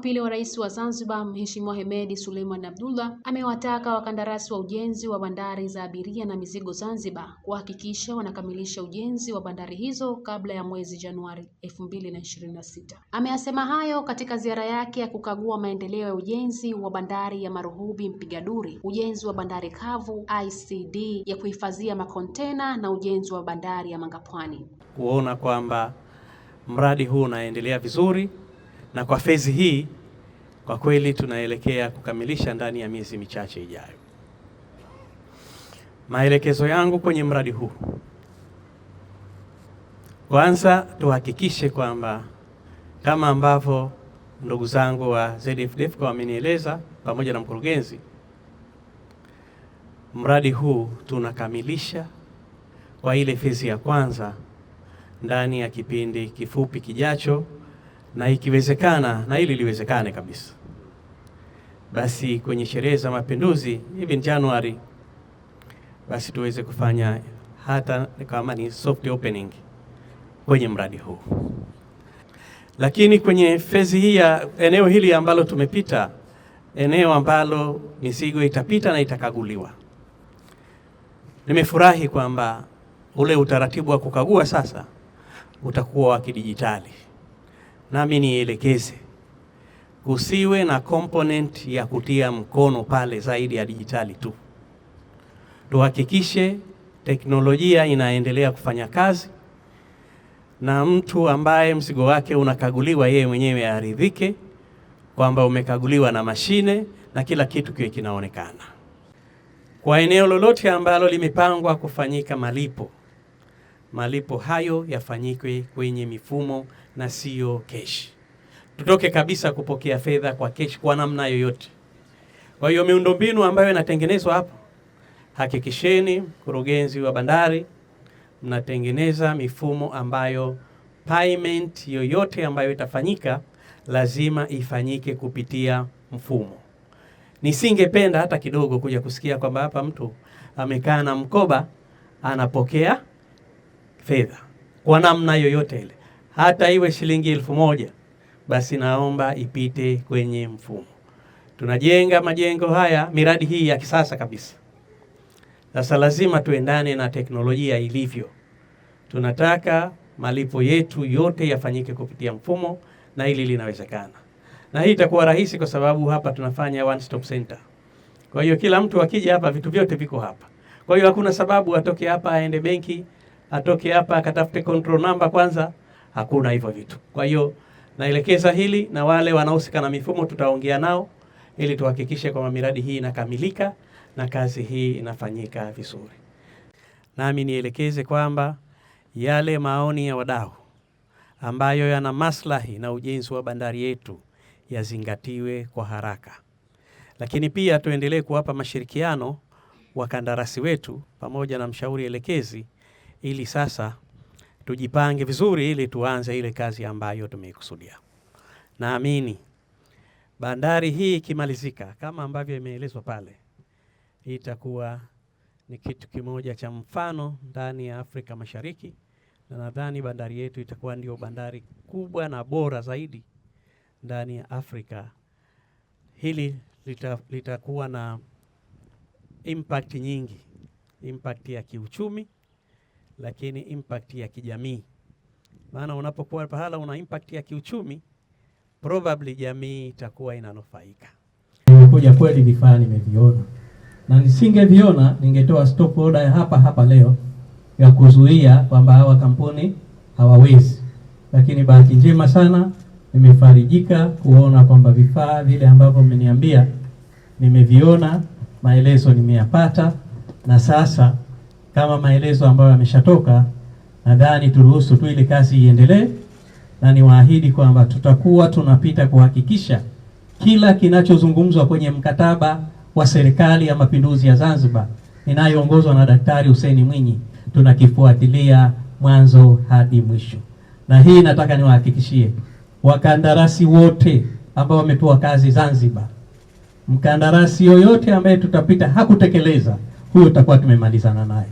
pili wa rais wa Zanzibar Mheshimiwa Hemedi Suleiman Abdullah amewataka wakandarasi wa ujenzi wa bandari za abiria na mizigo Zanzibar kuhakikisha wanakamilisha ujenzi wa bandari hizo kabla ya mwezi Januari 2026. Ameyasema hayo katika ziara yake ya kukagua maendeleo ya ujenzi wa bandari ya Maruhubi Mpigaduri, ujenzi wa bandari kavu ICD ya kuhifadhia makontena na ujenzi wa bandari ya Mangapwani, kuona kwamba mradi huu unaendelea vizuri na kwa fezi hii kwa kweli tunaelekea kukamilisha ndani ya miezi michache ijayo. Maelekezo yangu kwenye mradi huu, kwanza tuhakikishe kwamba kama ambavyo ndugu zangu wa ZFDF wamenieleza pamoja na mkurugenzi, mradi huu tunakamilisha kwa ile fezi ya kwanza ndani ya kipindi kifupi kijacho na ikiwezekana na ili liwezekane kabisa, basi kwenye sherehe za Mapinduzi even Januari, basi tuweze kufanya hata kama ni soft opening kwenye mradi huu. Lakini kwenye fezi hii ya eneo hili ambalo tumepita, eneo ambalo mizigo itapita na itakaguliwa, nimefurahi kwamba ule utaratibu wa kukagua sasa utakuwa wa kidijitali nami nielekeze, kusiwe na component ya kutia mkono pale zaidi ya dijitali tu. Tuhakikishe teknolojia inaendelea kufanya kazi na mtu ambaye mzigo wake unakaguliwa yeye mwenyewe aridhike kwamba umekaguliwa na mashine na kila kitu kiwe kinaonekana. Kwa eneo lolote ambalo limepangwa kufanyika malipo malipo hayo yafanyike kwenye mifumo na siyo keshi. Tutoke kabisa kupokea fedha kwa keshi kwa namna yoyote. Kwa hiyo miundombinu ambayo inatengenezwa hapo, hakikisheni mkurugenzi wa bandari, mnatengeneza mifumo ambayo payment yoyote ambayo itafanyika lazima ifanyike kupitia mfumo. Nisingependa hata kidogo kuja kusikia kwamba hapa mtu amekaa na mkoba anapokea fedha kwa namna yoyote ile, hata iwe shilingi elfu moja basi naomba ipite kwenye mfumo. Tunajenga majengo haya, miradi hii ya kisasa kabisa. Sasa lazima tuendane na teknolojia ilivyo. Tunataka malipo yetu yote yafanyike kupitia mfumo, na hili linawezekana, na hii itakuwa rahisi kwa sababu hapa tunafanya one stop center. Kwa hiyo kila mtu akija hapa, vitu vyote viko hapa. Kwa hiyo hakuna sababu atoke hapa aende benki atoke hapa akatafute control number kwanza, hakuna hivyo vitu. Kwa hiyo naelekeza hili na wale wanaohusika na mifumo tutaongea nao ili tuhakikishe kwamba miradi hii inakamilika na kazi hii inafanyika vizuri. Nami nielekeze kwamba yale maoni ya wadau ambayo yana maslahi na ujenzi wa bandari yetu yazingatiwe kwa haraka, lakini pia tuendelee kuwapa mashirikiano wakandarasi wetu pamoja na mshauri elekezi ili sasa tujipange vizuri ili tuanze ile kazi ambayo tumeikusudia. Naamini bandari hii ikimalizika kama ambavyo imeelezwa pale, itakuwa ni kitu kimoja cha mfano ndani ya Afrika Mashariki, na nadhani bandari yetu itakuwa ndio bandari kubwa na bora zaidi ndani ya Afrika. Hili litakuwa lita na impact nyingi, impact ya kiuchumi lakini impact ya kijamii. Maana unapokuwa pahala una impact ya kiuchumi, probably jamii itakuwa inanufaika. Nimekuja kweli, vifaa nimeviona, na nisingeviona ningetoa stop order ya hapa hapa leo ya kuzuia kwamba hawa kampuni hawawezi, lakini bahati njema sana nimefarijika kuona kwamba vifaa vile ambavyo mmeniambia nimeviona, maelezo nimeyapata, na sasa kama maelezo ambayo yameshatoka, nadhani turuhusu tu ile kazi iendelee, na niwaahidi kwamba tutakuwa tunapita kuhakikisha kila kinachozungumzwa kwenye mkataba wa serikali ya mapinduzi ya Zanzibar inayoongozwa na Daktari Hussein Mwinyi tunakifuatilia mwanzo hadi mwisho. Na hii nataka niwahakikishie wakandarasi wote ambao wamepewa kazi Zanzibar, mkandarasi yoyote ambaye tutapita hakutekeleza, huyo tutakuwa tumemalizana naye.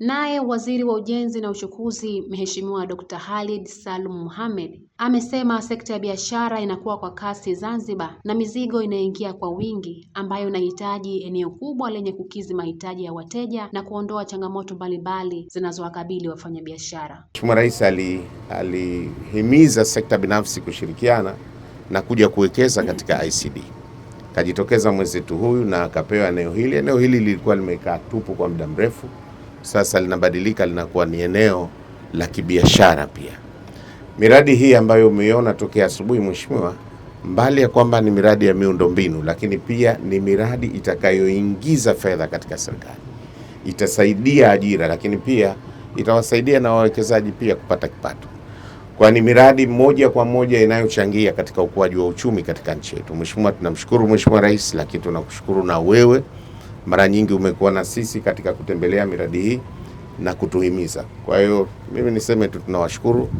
Naye Waziri wa Ujenzi na Uchukuzi Mheshimiwa Dr. Khalid Salum Mohamed amesema sekta ya biashara inakuwa kwa kasi Zanzibar na mizigo inaingia kwa wingi ambayo inahitaji eneo kubwa lenye kukidhi mahitaji ya wateja na kuondoa changamoto mbalimbali zinazowakabili wafanyabiashara. Mheshimiwa Rais alihimiza ali sekta binafsi kushirikiana na kuja kuwekeza katika ICD. Kajitokeza mwenzetu huyu na akapewa eneo hili. Eneo hili lilikuwa limekaa tupu kwa muda mrefu sasa linabadilika linakuwa ni eneo la kibiashara pia. Miradi hii ambayo umeiona tokea asubuhi, mheshimiwa, mbali ya kwamba ni miradi ya miundombinu, lakini pia ni miradi itakayoingiza fedha katika serikali, itasaidia ajira, lakini pia itawasaidia na wawekezaji pia kupata kipato, kwani miradi moja kwa moja inayochangia katika ukuaji wa uchumi katika nchi yetu. Mheshimiwa, tunamshukuru Mheshimiwa Rais, lakini tunakushukuru na wewe mara nyingi umekuwa na sisi katika kutembelea miradi hii na kutuhimiza. Kwa hiyo mimi niseme tu tunawashukuru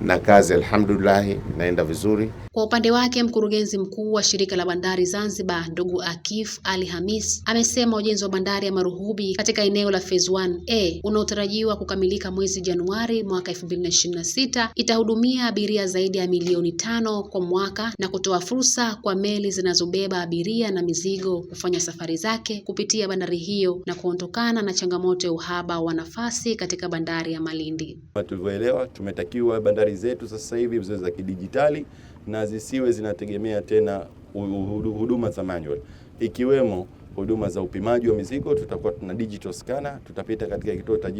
na kazi alhamdulillah naenda vizuri. Kwa upande wake, mkurugenzi mkuu wa shirika la bandari Zanzibar ndugu Akif Ali Hamis amesema ujenzi wa bandari ya Maruhubi katika eneo la phase 1A unaotarajiwa kukamilika mwezi Januari mwaka 2026 itahudumia abiria zaidi ya milioni tano kwa mwaka na kutoa fursa kwa meli zinazobeba abiria na mizigo kufanya safari zake kupitia bandari hiyo na kuondokana na changamoto ya uhaba wa nafasi katika bandari ya Malindi. Tulivyoelewa tumetakiwa bandari serikali zetu sasa hivi ziwe za kidijitali na zisiwe zinategemea tena huduma za manual, ikiwemo huduma za upimaji wa mizigo. Tutakuwa tuna digital scanner, tutapita katika kituo cha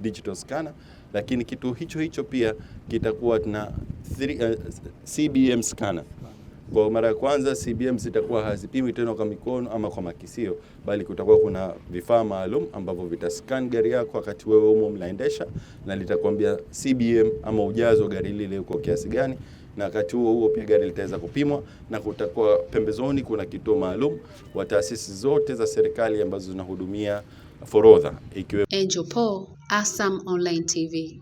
digital scanner, lakini kituo hicho hicho pia kitakuwa tuna uh, eh, CBM scanner. Kwa mara ya kwanza CBM zitakuwa hazipimwi tena kwa mikono ama kwa makisio, bali kutakuwa kuna vifaa maalum ambavyo vitascan gari yako wakati wewe umo mnaendesha, na litakwambia CBM ama ujazo wa gari lile uko kiasi gani na wakati huo huo pia gari litaweza kupimwa na kutakuwa pembezoni, kuna kituo maalum wa taasisi zote za serikali ambazo zinahudumia forodha ikiwemo Angel Paul, ASAM Online TV.